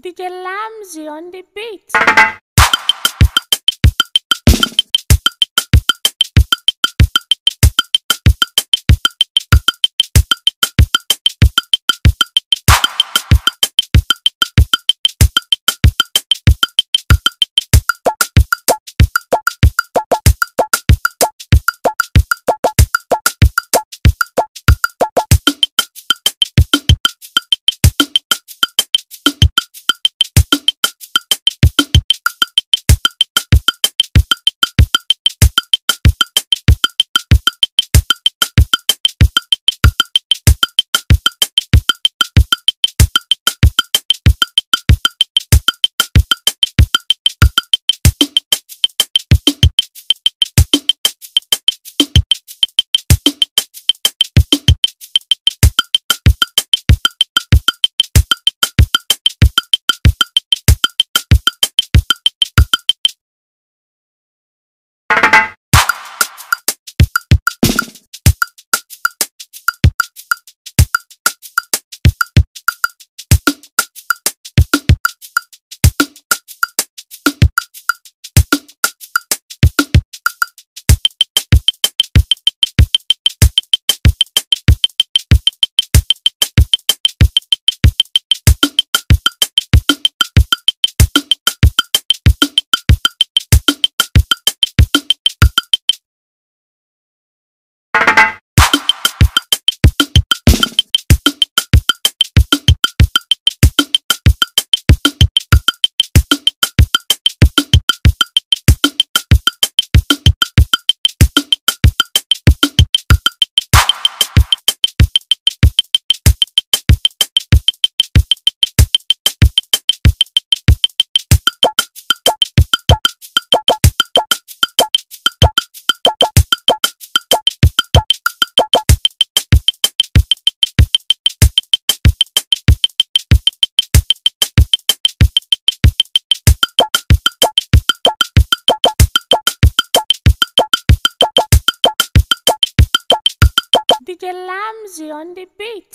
DJ Lamzy on the beat. DJ Lamzy on the beat.